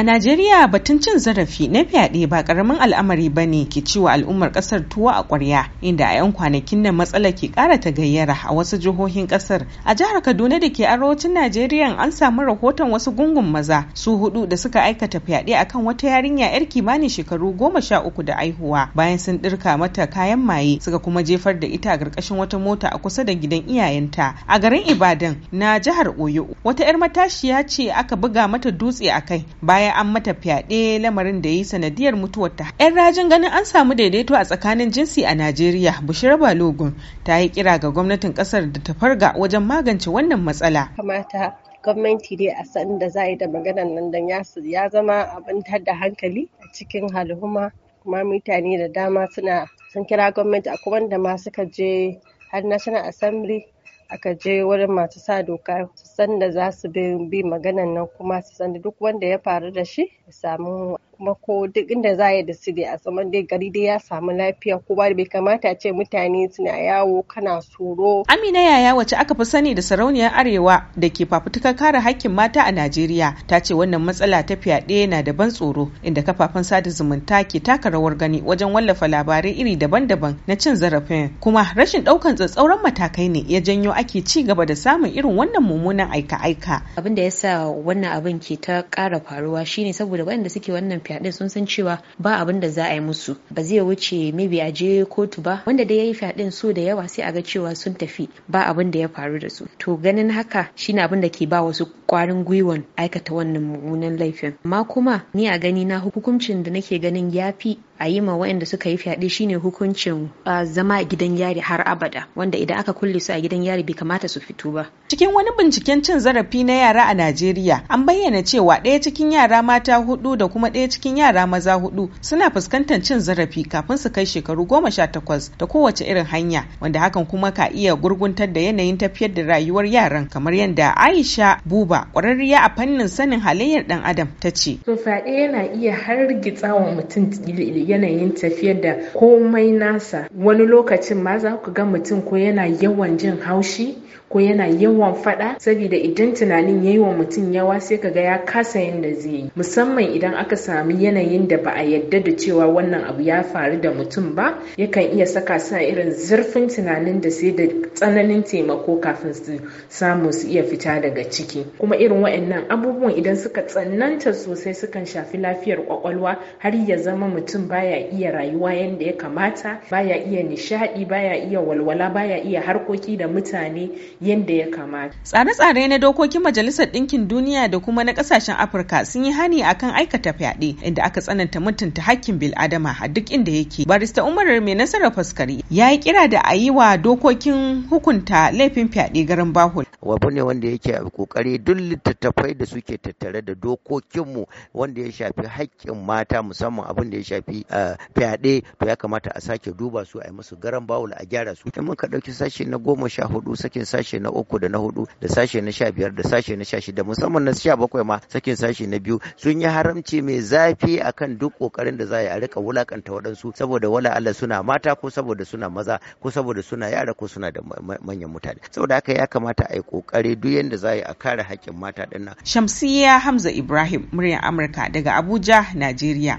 A Najeriya batun cin zarafi na fyaɗe ba ƙaramin al'amari ba ne ke cewa al'ummar ƙasar tuwo a ƙwarya inda a 'yan kwanakin nan matsala ke ƙara ta gayyara a wasu jihohin ƙasar. A jihar Kaduna da ke arewacin Najeriya an samu rahoton wasu gungun maza su hudu da suka aikata fyaɗe a kan wata yarinya 'yar kimanin shekaru goma sha uku da aihuwa bayan sun ɗirka mata kayan maye suka kuma jefar da ita a ƙarƙashin wata mota a kusa da gidan iyayenta. A garin Ibadan na jihar Oyo wata 'yar matashiya ce aka buga mata dutse a kai bayan baya an mata fyaɗe lamarin da ya yi sanadiyar mutuwarta. 'Yan rajin ganin an samu daidaito a tsakanin jinsi a Najeriya, Bushira Balogun ta yi kira ga gwamnatin ƙasar da ta farga wajen magance wannan matsala. Kamata gwamnati dai a san da za a yi da maganan nan don ya zama abin da hankali a cikin al'umma. kuma mutane da dama suna sun kira gwamnati a kuma da ma suka je har National Assembly aka je wurin masu sa doka su san da za su bi maganan nan kuma su san duk wanda ya faru da shi samu Mako, duk inda za ya da su dai a zaman dai gari dai ya samu lafiya kowa da bai kamata ce mutane suna yawo kana tsoro. Amina Yaya wacce aka fi sani da sarauniyar Arewa da ke fafutukar kare hakkin mata a Najeriya ta ce wannan matsala ta fyaɗe na da ban tsoro inda kafafen sada zumunta ke taka rawar gani wajen wallafa labarai iri daban-daban na cin zarafin kuma rashin ɗaukan tsatsauran matakai ne ya janyo ake ci gaba da samun irin wannan mummunan aika-aika. Abin da ya sa wannan abin ke ta ƙara faruwa shine saboda waɗanda suke wannan fyaɗe sun san cewa ba abin da za a yi musu ba zai wuce maybe a je kotu ba wanda dai ya yi fyaɗen so da yawa sai a ga cewa sun tafi ba abin da ya faru da su to ganin haka shine abin da ke ba wasu kwarin gwiwan aikata wannan mummunan laifin amma kuma ni a gani na hukuncin da nake ganin ya fi a yi ma wa'anda suka yi fyaɗe shine hukuncin zama a gidan yari har abada wanda idan aka kulle su a gidan yari bai kamata su fito ba. Cikin wani binciken cin zarafi na yara a Najeriya an bayyana cewa ɗaya cikin yara mata hudu da kuma ɗaya cikin cikin yara maza hudu suna fuskantar cin zarafi kafin su kai shekaru goma sha takwas da kowace irin hanya wanda hakan kuma ka iya gurguntar da yanayin tafiyar da rayuwar yaran kamar yadda Aisha Buba kwararriya a fannin sanin halayyar dan adam ta ce. To fyaɗe yana iya hargitsa wa mutum yanayin tafiyar da komai nasa wani lokacin ma za ku ga mutum ko yana yawan jin haushi ko yana yawan faɗa saboda idan tunanin ya yi wa mutum yawa sai ka ga ya kasa da zai yi musamman idan aka samu sami yanayin da ba a yadda da cewa wannan abu ya faru da mutum ba yakan iya saka sa irin zurfin tunanin da sai da tsananin taimako kafin su samu su iya fita daga ciki kuma irin waɗannan abubuwan idan suka tsananta sosai sukan shafi lafiyar kwakwalwa har ya zama mutum baya iya rayuwa yadda ya kamata baya iya nishaɗi baya iya walwala baya iya harkoki da mutane yadda ya kamata tsare-tsare na dokokin majalisar ɗinkin duniya da kuma na ƙasashen afirka sun yi hani akan aikata fyaɗe inda aka tsananta mutunta hakkin bil'adama a duk inda yake barista umar mai nasarar faskari ya yi kira da a yi wa dokokin hukunta laifin fyaɗe garin bahul wabu ne wanda yake a kokari duk littattafai da suke tattare da dokokinmu wanda ya shafi haƙƙin mata musamman abin da ya shafi eh, fyaɗe to ya kamata a sake duba su a yi musu garan bahul a gyara su in ka ɗauki sashe na goma sha hudu sakin sashe na uku da na hudu da sashe na sha biyar da sashe na sha shida musamman na sha bakwai ma sakin sashe na biyu sun yi haramci mai za zafi akan duk kokarin da za a rika wulakanta waɗansu saboda wala Allah suna mata ko saboda suna maza ko saboda suna yara ko suna da manyan mutane saboda haka ya kamata a yi kokari duk yadda za a kare haƙƙin mata ɗin nan. Shamsiyya Hamza Ibrahim muryar Amurka daga Abuja, Najeriya.